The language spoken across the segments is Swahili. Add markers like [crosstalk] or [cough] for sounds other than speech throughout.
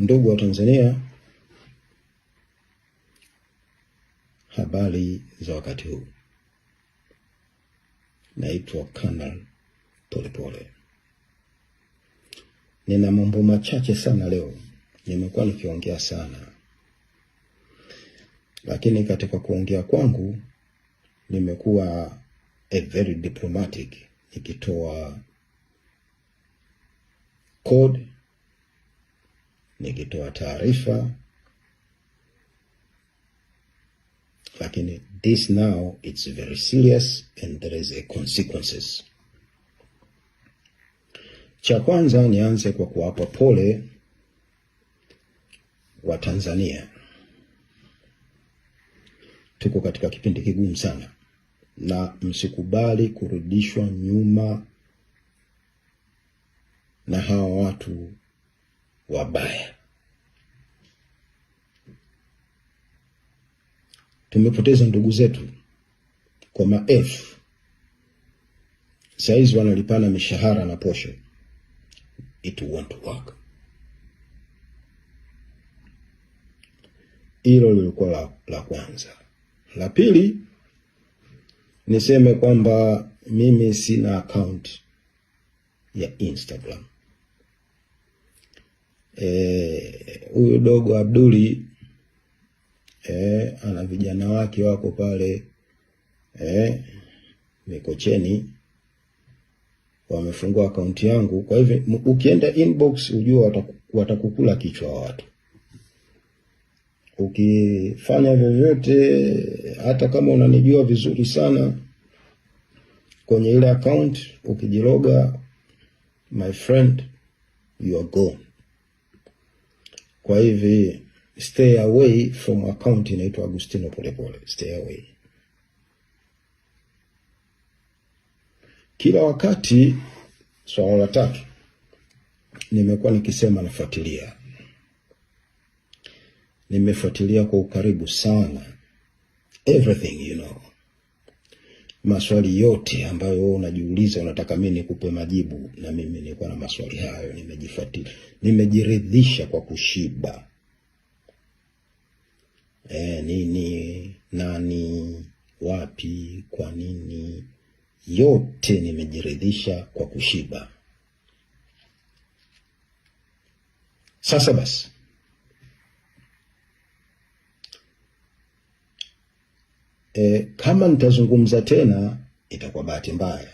Ndugu wa Tanzania, habari za wakati huu. Naitwa Kanali Polepole. Nina mambo machache sana leo, nimekuwa nikiongea sana, lakini katika kuongea kwangu nimekuwa a very diplomatic, nikitoa code nikitoa taarifa, lakini this now it's very serious and there is a consequences. Cha kwanza nianze kwa kuwapa pole wa Tanzania. Tuko katika kipindi kigumu sana, na msikubali kurudishwa nyuma na hawa watu wabaya. Tumepoteza ndugu zetu kwa maelfu, saizi wanalipana mishahara na posho. It won't work. Hilo lilikuwa la, la kwanza. La pili niseme kwamba mimi sina akaunti ya Instagram. Eh, huyu e, dogo Abduli e, ana vijana wake wako pale e, Mikocheni wamefungua akaunti yangu. Kwa hivyo ukienda inbox ujua wataku, watakukula kichwa watu. Ukifanya vyovyote, hata kama unanijua vizuri sana kwenye ile account, ukijiloga my friend you are gone. Kwa hivi stay away from account inaitwa Agustino Polepole, stay away. Kila wakati swala la tatu nimekuwa nikisema nafuatilia, nimefuatilia kwa ukaribu sana everything you know maswali yote ambayo wewe unajiuliza, unataka mimi nikupe majibu, na mimi nilikuwa na maswali hayo. Nimejifuatilia, nimejiridhisha kwa kushiba. eh nini, nani, wapi, kwa nini, yote nimejiridhisha kwa kushiba. Sasa basi e, kama nitazungumza tena itakuwa bahati mbaya,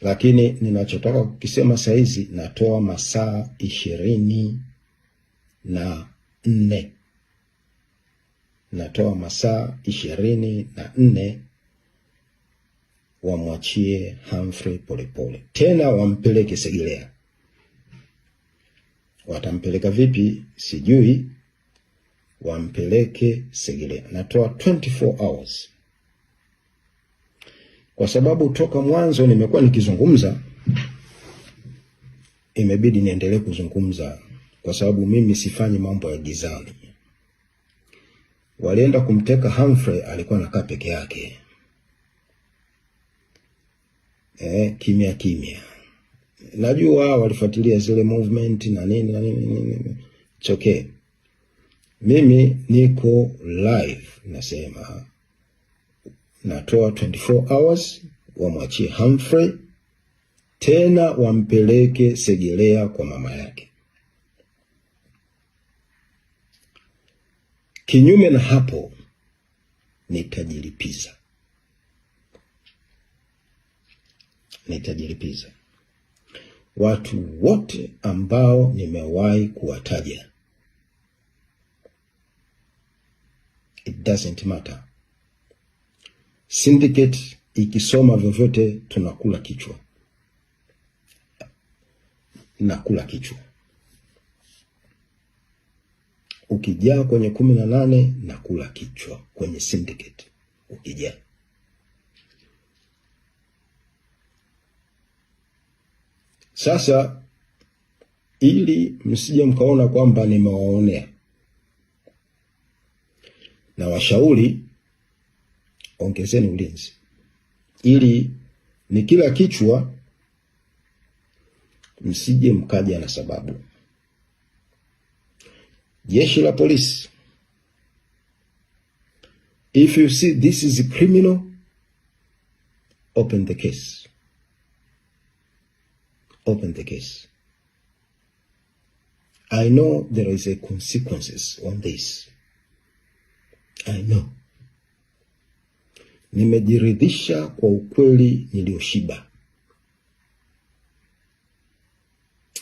lakini ninachotaka kukisema saizi natoa masaa ishirini na nne natoa masaa ishirini na nne wamwachie Humphrey Polepole, tena wampeleke Segelea. Watampeleka vipi sijui wampeleke segele Natoa 24 hours kwa sababu toka mwanzo nimekuwa nikizungumza, imebidi niendelee kuzungumza kwa sababu mimi sifanyi mambo ya gizani. Walienda kumteka Humphrey, alikuwa nakaa peke yake e, kimya kimya. Najua walifuatilia zile movement na nini na nini, nini. okay. Mimi niko live, nasema natoa 24 hours, wamwachie Humphrey tena wampeleke Segerea kwa mama yake. Kinyume na hapo, nitajilipiza nitajilipiza watu wote ambao nimewahi kuwataja it doesn't matter. Syndicate ikisoma vyovyote tunakula kichwa, nakula kichwa. Ukijaa kwenye kumi na nane nakula kichwa kwenye syndicate ukijaa Sasa ili msije mkaona kwamba nimewaonea, na washauri, ongezeni ulinzi, ili ni kila kichwa msije mkaja na sababu. Jeshi la polisi, if you see this is a criminal open the case, open the case. I know there is a consequences on this. I know. Nimejiridhisha kwa ukweli nilioshiba.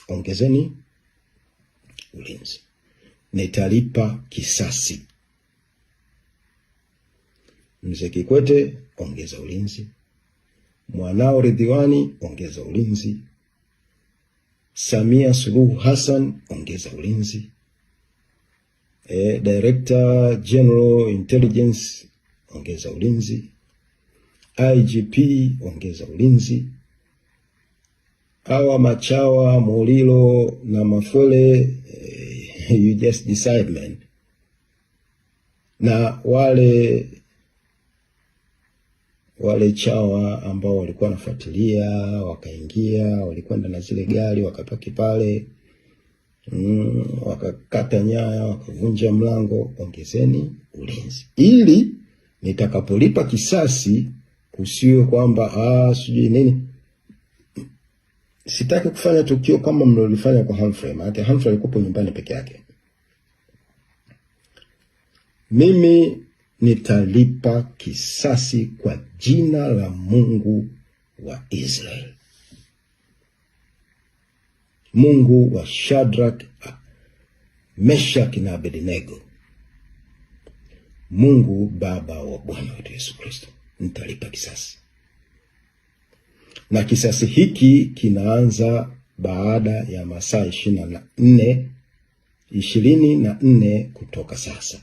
Ongezeni ulinzi. Nitalipa kisasi. Mzee Kikwete, ongeza ulinzi. Mwanao Ridhiwani, ongeza ulinzi. Samia Suluhu Hassan, ongeza ulinzi eh, Director General Intelligence ongeza ulinzi, IGP ongeza ulinzi, awa machawa Mulilo na mafole eh, [laughs] you just decide man, na wale wale chawa ambao walikuwa wanafuatilia wakaingia, walikwenda na zile gari wakapaki pale mm, wakakata nyaya, wakavunja mlango, ongezeni ulinzi, ili nitakapolipa kisasi kusiwe kwamba ah, sijui nini. Sitaki kufanya tukio kama mlolifanya kwa Humphrey, maana Humphrey alikuwa nyumbani peke yake. Mimi nitalipa kisasi kwa jina la Mungu wa Israeli. Mungu wa Shadrach, Meshach na Abednego, Mungu Baba wa Bwana wetu Yesu Kristo, nitalipa kisasi. Na kisasi hiki kinaanza baada ya masaa ishirini na nne ishirini na nne kutoka sasa.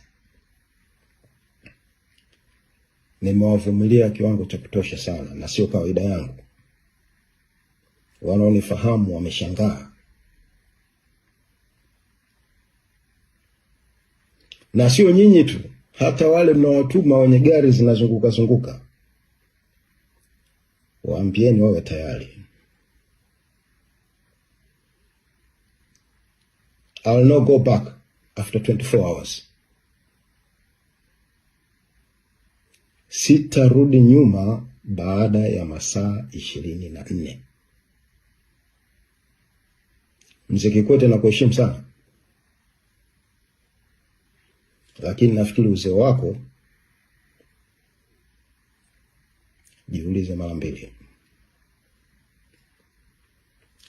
Nimewavumilia kiwango cha kutosha sana, na sio kawaida yangu. Wanaonifahamu wameshangaa na sio nyinyi tu, hata wale mnaowatuma wenye gari zinazunguka zunguka, waambieni wawe tayari. I will not go back after 24 hours. Sitarudi nyuma baada ya masaa ishirini na nne. Mzee Kikwete, nakuheshimu sana. Lakini nafikiri uzee wako, jiulize mara mbili.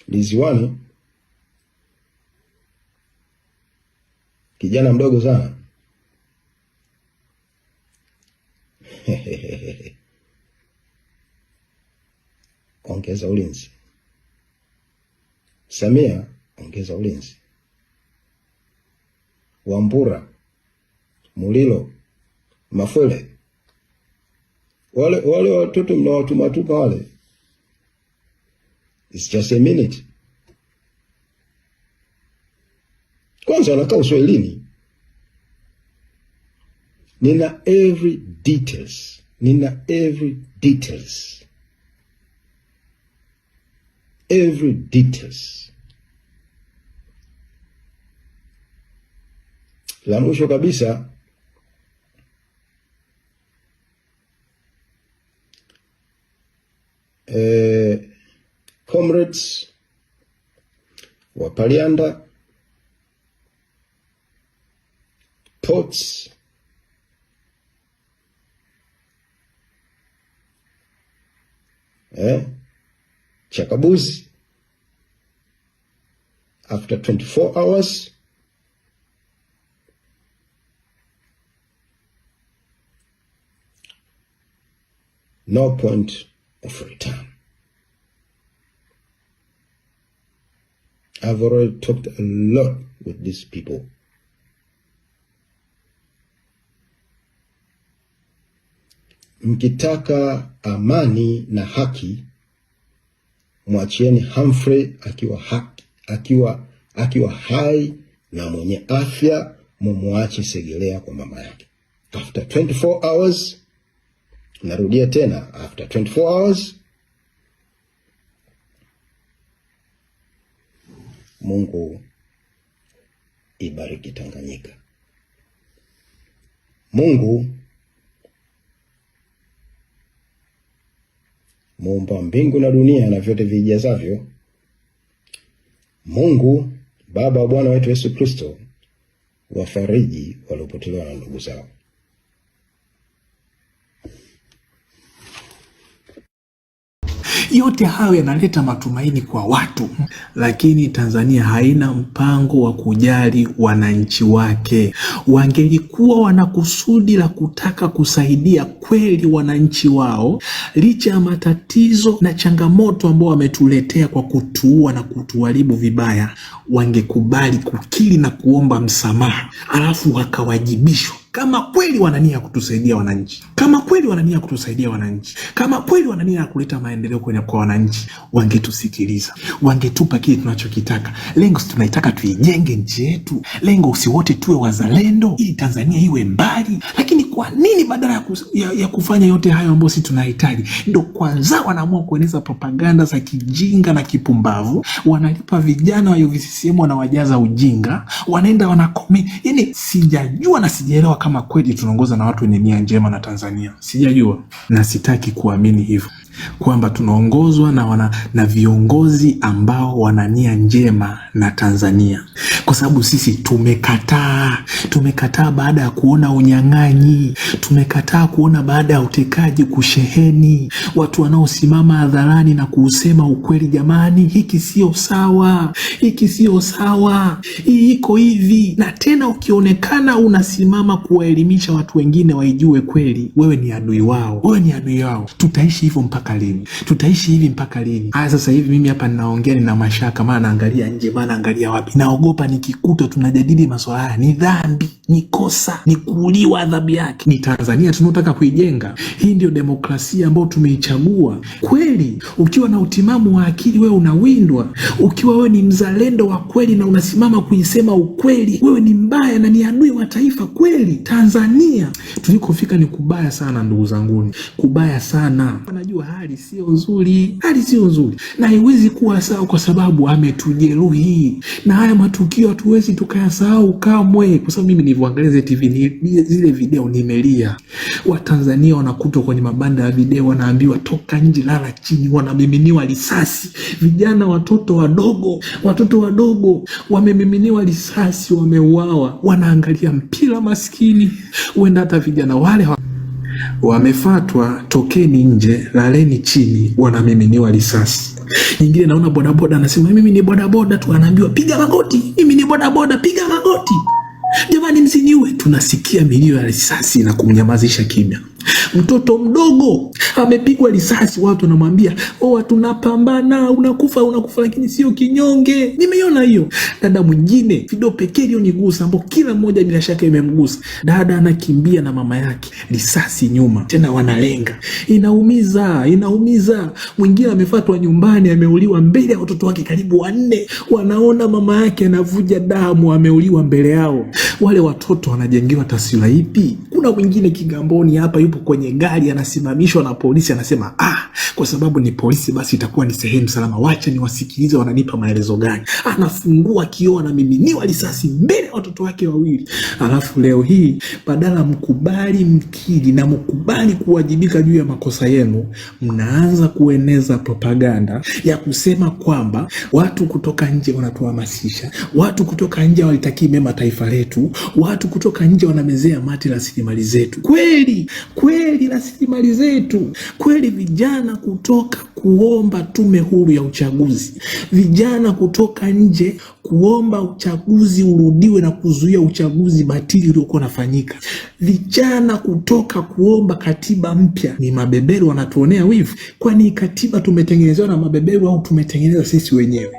Liziwani kijana mdogo sana [laughs] ongeza ulinzi. Samia, ongeza ulinzi. Wambura Mulilo, mafule wale wale watoto mnawatumatupa wale, it's just a minute. Kwanza wanakaa Uswahilini, nina every details, nina every details, every details. La mwisho kabisa eh, comrades wa Palianda ports eh, Chakabuzi after 24 hours no point of return. I've already talked a lot with these people. Mkitaka amani na haki, mwachieni Humphrey akiwa haki, akiwa akiwa hai na mwenye afya, mumwache Segelea kwa mama yake. After 24 hours Narudia tena after 24 hours Mungu ibariki Tanganyika. Mungu muumba mbingu na dunia na vyote vijazavyo, Mungu Baba wa Bwana wetu Yesu Kristo, wafariji waliopotelewa na ndugu zao. Yote hayo yanaleta matumaini kwa watu, lakini Tanzania haina mpango wa kujali wananchi wake. Wangelikuwa wana kusudi la kutaka kusaidia kweli wananchi wao, licha ya matatizo na changamoto ambao wametuletea kwa kutuua na kutuharibu vibaya, wangekubali kukiri na kuomba msamaha, alafu wakawajibishwa kama kweli wanania kutusaidia wananchi. Kama kweli wanania kutusaidia wananchi, kama kweli wanania kuleta maendeleo kwenye kwa wananchi, wangetusikiliza, wangetupa kile tunachokitaka. Lengo si tunaitaka tuijenge nchi yetu, lengo si wote tuwe wazalendo ili Tanzania iwe mbali. Lakini kwa nini badala ya, ya, ya kufanya yote hayo ambayo si tunahitaji, ndo kwanza wanaamua kueneza propaganda za kijinga na kipumbavu, wanalipa vijana wa UVCCM wanawajaza ujinga, wanaenda wanakomi. Yani sijajua na sijaelewa kama kweli tunaongoza na watu wenye nia njema na Tanzania Tanzania, sijajua na sitaki kuamini hivyo kwamba tunaongozwa na, wana, na viongozi ambao wana nia njema na Tanzania, kwa sababu sisi tumekataa. Tumekataa baada ya kuona unyang'anyi, tumekataa kuona baada ya utekaji kusheheni, watu wanaosimama hadharani na kuusema ukweli, jamani, hiki sio sawa, hiki sio sawa, hii iko hivi. Na tena ukionekana unasimama kuwaelimisha watu wengine waijue kweli, wewe ni adui wao, wewe ni adui wao. Tutaishi hivyo mpaka mpaka lini? Tutaishi hivi mpaka lini? Aya, sasa hivi mimi hapa ninaongea, nina mashaka, maana naangalia nje, maana naangalia wapi, naogopa nikikuta tunajadili masuala haya, ni dhambi, ni kosa, ni kuuliwa, adhabu yake. Ni Tanzania tunaotaka kuijenga? Hii ndio demokrasia ambayo tumeichagua kweli? Ukiwa na utimamu wa akili wewe unawindwa. Ukiwa wewe ni mzalendo wa kweli na unasimama kuisema ukweli, wewe ni mbaya na ni adui wa taifa kweli. Tanzania tulikofika ni kubaya sana, ndugu zanguni, kubaya sana. Najua hali sio nzuri, hali sio nzuri na haiwezi kuwa sawa, kwa sababu ametujeruhi, na haya matukio hatuwezi tukayasahau kamwe, kwa sababu mimi nilivyoangalia zile TV ni, zile video nimelia. Watanzania wanakutwa kwenye mabanda ya video, wanaambiwa toka nje, lala chini, wanamiminiwa risasi, vijana, watoto wadogo, watoto wadogo wamemiminiwa risasi, wameuawa, wanaangalia mpira maskini, huenda hata vijana wale wa wamefatwa, tokeni nje, laleni chini, wanamiminiwa risasi. Nyingine naona bodaboda anasema mimi ni bodaboda tu, anaambiwa piga magoti, mimi ni bodaboda, piga magoti, jamani, msiniue. Tunasikia milio ya risasi na kumnyamazisha kimya mtoto mdogo amepigwa risasi, watu wanamwambia oh, tunapambana, unakufa unakufa, lakini sio kinyonge. Nimeiona hiyo. Dada mwingine, video pekee iliyonigusa ambao kila mmoja bila shaka imemgusa, dada anakimbia na mama yake, risasi nyuma, tena wanalenga. Inaumiza, inaumiza. Mwingine amefatwa nyumbani, ameuliwa mbele ya watoto wake karibu wanne, wanaona mama yake anavuja damu, ameuliwa mbele yao. Wale watoto wanajengewa taswira ipi? Kuna mwingine Kigamboni hapa yupo kwenye gari anasimamishwa na polisi, anasema ah, kwa sababu ni polisi basi itakuwa ni sehemu salama, wacha niwasikilize wananipa maelezo gani. Anafungua kioo, anamiminiwa risasi mbele ya watoto wake wawili. Alafu leo hii badala mkubali mkili na mkubali kuwajibika juu ya makosa yenu, mnaanza kueneza propaganda ya kusema kwamba watu kutoka nje wanatuhamasisha, watu kutoka nje walitakii mema taifa letu, watu kutoka nje wanamezea mate rasilimali rasilimali zetu kweli kweli, rasilimali zetu kweli. Vijana kutoka kuomba tume huru ya uchaguzi, vijana kutoka nje kuomba uchaguzi urudiwe na kuzuia uchaguzi batili uliokuwa unafanyika, vijana kutoka kuomba katiba mpya. Ni mabeberu wanatuonea wivu. Kwani katiba tumetengenezewa na mabeberu au tumetengeneza sisi wenyewe?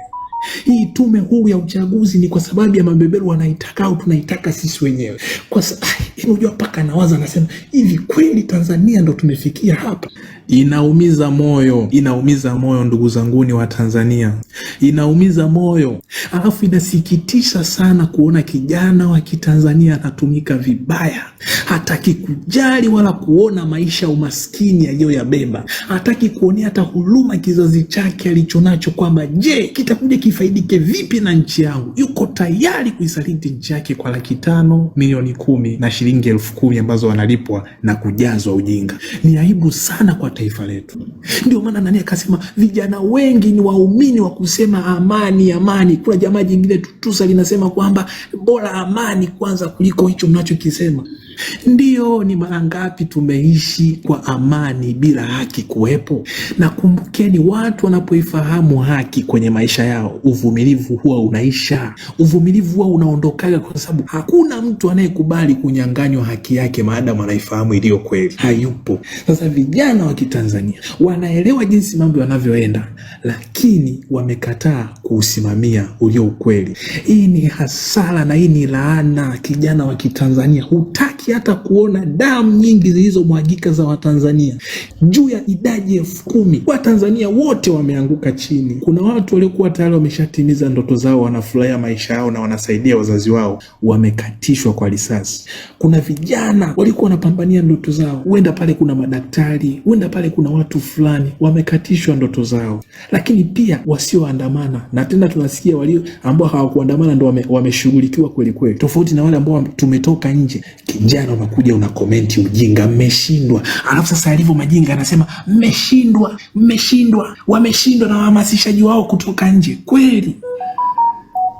Hii tume huru ya uchaguzi ni kwa sababu ya mabeberu wanaitaka au tunaitaka sisi wenyewe? kwa sababu Yaani unajua mpaka anawaza anasema, hivi kweli Tanzania ndo tumefikia hapa? Inaumiza moyo, inaumiza moyo ndugu zanguni wa Tanzania, inaumiza moyo. Alafu inasikitisha sana kuona kijana wa Kitanzania anatumika vibaya, hataki kujali wala kuona maisha umaskini aliyoyabeba, hataki kuonea hata huruma kizazi chake alichonacho, kwamba je, kitakuja kifaidike vipi na nchi yangu? Yuko tayari kuisaliti nchi yake kwa laki tano milioni kumi na shilingi shilingi elfu kumi ambazo wanalipwa na kujazwa ujinga. Ni aibu sana kwa taifa letu. Ndio maana nani akasema vijana wengi ni waumini wa kusema amani, amani. Kuna jamaa jingine tutusa linasema kwamba bora amani kwanza kuliko hicho mnachokisema ndio ni mara ngapi tumeishi kwa amani bila haki kuwepo? Na kumbukeni, watu wanapoifahamu haki kwenye maisha yao, uvumilivu huwa unaisha, uvumilivu huwa unaondokaga, kwa sababu hakuna mtu anayekubali kunyang'anywa haki yake maadamu anaifahamu iliyo kweli, hayupo. Sasa vijana wa Kitanzania wanaelewa jinsi mambo yanavyoenda, lakini wamekataa kuusimamia ulio ukweli. Hii ni hasara na hii ni laana. Kijana wa Kitanzania hutaki hutaki hata kuona damu nyingi zilizomwagika za Watanzania juu ya idadi elfu kumi. Watanzania wote wameanguka chini. Kuna watu waliokuwa tayari wameshatimiza ndoto zao, wanafurahia maisha yao na wanasaidia wazazi wao, wamekatishwa kwa risasi. Kuna vijana walikuwa wanapambania ndoto zao, huenda pale kuna madaktari, huenda pale kuna watu fulani, wamekatishwa ndoto zao. Lakini pia wasioandamana, na tena tunasikia walio ambao hawakuandamana ndo wameshughulikiwa kwelikweli, tofauti na wale ambao tumetoka nje Jana unakuja una komenti ujinga, mmeshindwa. Alafu sasa alivyo majinga anasema mmeshindwa, mmeshindwa, wameshindwa na wahamasishaji wao kutoka nje. Kweli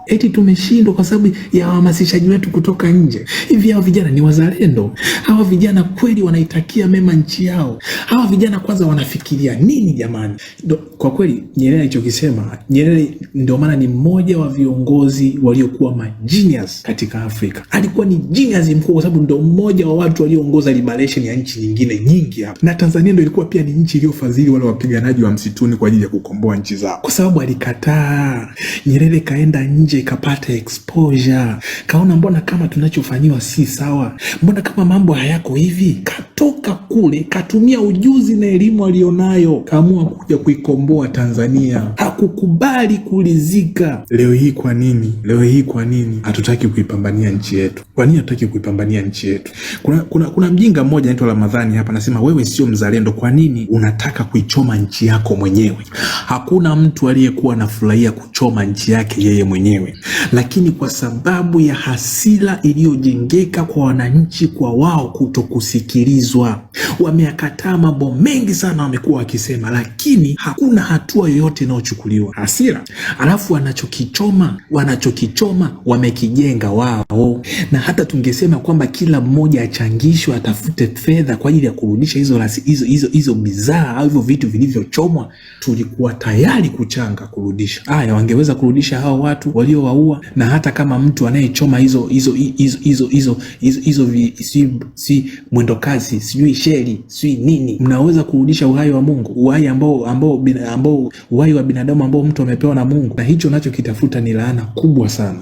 eti tumeshindwa kwa sababu ya wahamasishaji wetu kutoka nje. Hivi hawa vijana ni wazalendo? Hawa vijana kweli wanaitakia mema nchi yao? Hawa vijana kwanza wanafikiria nini jamani? Do, kwa kweli Nyerere alichokisema, Nyerere ndio maana ni mmoja wa viongozi waliokuwa majinias katika Afrika. Alikuwa ni genius mkuu kwa sababu ndio mmoja wa watu walioongoza liberation ya nchi nyingine nyingi hapa, na Tanzania ndio ilikuwa pia ni nchi iliyofadhili wale wapiganaji wa msituni kwa ajili ya kukomboa nchi zao, kwa sababu alikataa. Nyerere kaenda nje nje kapata exposure, kaona mbona kama tunachofanyiwa si sawa, mbona kama mambo hayako hivi. Katoka kule katumia ujuzi na elimu aliyonayo, kaamua kuja kuikomboa Tanzania. Hakukubali kulizika. Leo hii kwa nini? Leo hii kwa nini hatutaki kuipambania nchi yetu? Kwa nini hatutaki kuipambania nchi yetu? Kuna, kuna, kuna mjinga mmoja anaitwa Ramadhani hapa anasema, wewe sio mzalendo, kwa nini unataka kuichoma nchi yako mwenyewe? Hakuna mtu aliyekuwa anafurahia kuchoma nchi yake yeye mwenyewe mwenyewe, lakini kwa sababu ya hasira iliyojengeka kwa wananchi kwa wao kutokusikilizwa, wameakataa mambo mengi sana wamekuwa wakisema, lakini hakuna hatua yoyote inayochukuliwa. Hasira alafu wanachokichoma wanachokichoma wamekijenga wao, na hata tungesema kwamba kila mmoja achangishwe, atafute fedha kwa ajili ya kurudisha hizo hizo hizo hizo bidhaa au hivyo vitu vilivyochomwa, tulikuwa tayari kuchanga kurudisha. Aya, wangeweza kurudisha hao watu wali waliowaua, na hata kama mtu anayechoma hizo hizo hizo hizo hizo si, si mwendokazi sijui sheli sijui nini, mnaweza kurudisha uhai wa Mungu, uhai ambao ambao ambao uhai wa binadamu ambao mtu amepewa na Mungu, na hicho nacho kitafuta ni laana kubwa sana.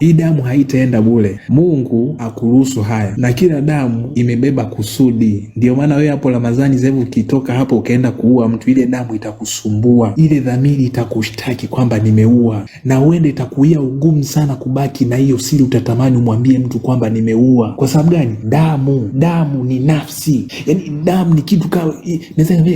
Hii damu haitaenda bure, Mungu akuruhusu haya, na kila damu imebeba kusudi. Ndio maana wewe hapo Ramadhani zevu ukitoka hapo ukaenda kuua mtu, ile damu itakusumbua, ile dhamiri itakushtaki kwamba nimeua, na uende itakuia ugumu sana kubaki na hiyo siri. Utatamani umwambie mtu kwamba nimeua. Kwa sababu gani? Damu, damu ni nafsi, yani damu ni kitu kama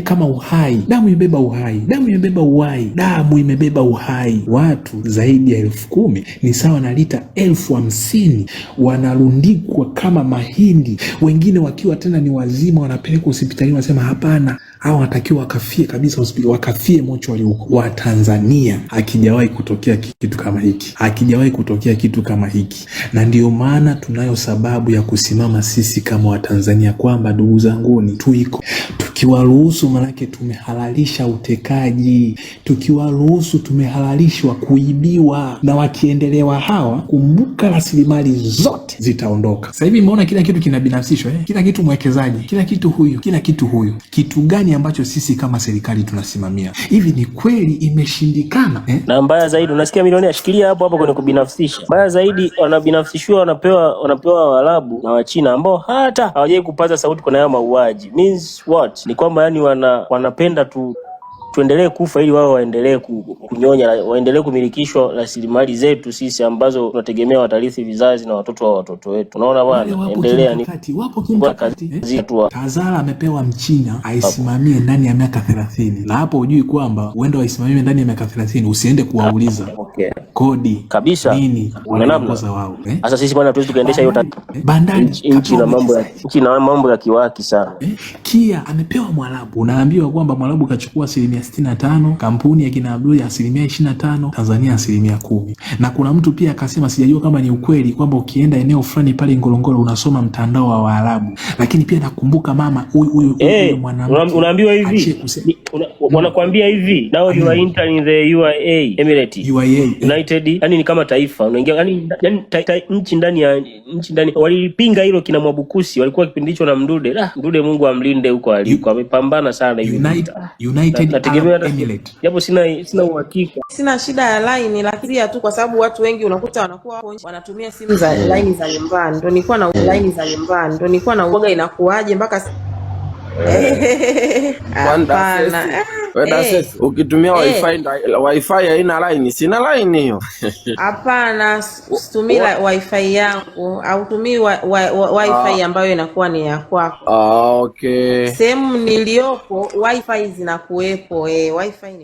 kama uhai. Damu imebeba uhai, damu imebeba uhai, damu imebeba uhai. Watu zaidi ya elfu kumi ni sawa na lita sita elfu hamsini wanarundikwa kama mahindi, wengine wakiwa tena ni wazima, wanapelekwa hospitalini, wanasema hapana, au anatakiwa wakafie kabisa hospitali, wakafie mochwari huko. Watanzania hakijawahi kutokea kitu kama hiki, hakijawahi kutokea kitu kama hiki, na ndiyo maana tunayo sababu ya kusimama sisi kama Watanzania kwamba ndugu zanguni, tuiko tukiwaruhusu, manake tumehalalisha utekaji, tukiwaruhusu tumehalalishwa kuibiwa, na wakiendelewa hawa, kumbuka rasilimali zote zitaondoka. Sasa hivi umeona kila kitu kinabinafsishwa eh? Kila kitu mwekezaji, kila kitu huyu, kila kitu huyu, kitu gani ambacho sisi kama serikali tunasimamia? Hivi ni kweli imeshindikana eh? Na mbaya zaidi unasikia milioni ashikilia hapo hapo kwenye kubinafsisha. Mbaya zaidi wanabinafsishiwa, wanapewa wanapewa Waarabu na Wachina ambao hata hawajai kupaza sauti kwenye hayo mauaji. Means what? Ni kwamba yani wana wanapenda tu tuendelee kufa ili wao waendelee kunyonya, waendelee kumilikishwa rasilimali zetu sisi ambazo tunategemea watarithi vizazi na watoto wa watoto wetu. Unaona bwana, endelea ni wapo kimkakati eh? Tazara amepewa Mchina aisimamie ndani ya miaka 30, na hapo hujui kwamba uende waisimamie ndani ya miaka 30, usiende kuwauliza okay, kodi kabisa nini wanakoza wao. eh? Sasa sisi bwana, tuwezi tukaendesha hiyo eh, bandari nchi na mambo ya nchi na mambo ya kiwaki sana eh? Kia amepewa Mwarabu, unaambiwa kwamba Mwarabu kachukua asilimia 65, kampuni ya kina Abdul asilimia 25, Tanzania asilimia kumi. Na kuna mtu pia akasema, sijajua kama ni ukweli kwamba ukienda eneo fulani pale Ngorongoro unasoma mtandao wa Waarabu, lakini pia nakumbuka mama huyu eh, huyu hey, mwanamke unaambiwa hivi wanakuambia hivi now you are entering the UAE Emirates UAE United, yani ni kama taifa unaingia, yani yani nchi ndani ya nchi ndani. Walipinga hilo kina Mwabukusi, walikuwa kipindi hicho na Mdude. La, Mdude Mungu amlinde huko aliko, amepambana sana United, United japo sina sina uhakika, sina shida ya laini, lakini tu kwa sababu watu wengi unakuta wanakuwa wanatumia simu za laini za nyumbani, ndio nilikuwa na line za nyumbani, ndio nilikuwa na uoga, inakuaje mpaka Eh. Eh, eh. ukitumia wifi haina line, sina line hiyo. [laughs] Hapana, situmii wifi yangu, autumii wifi ah. ambayo inakuwa ni ya kwako. Ah, okay, sehemu niliyopo wifi zinakuwepo, eh, wifi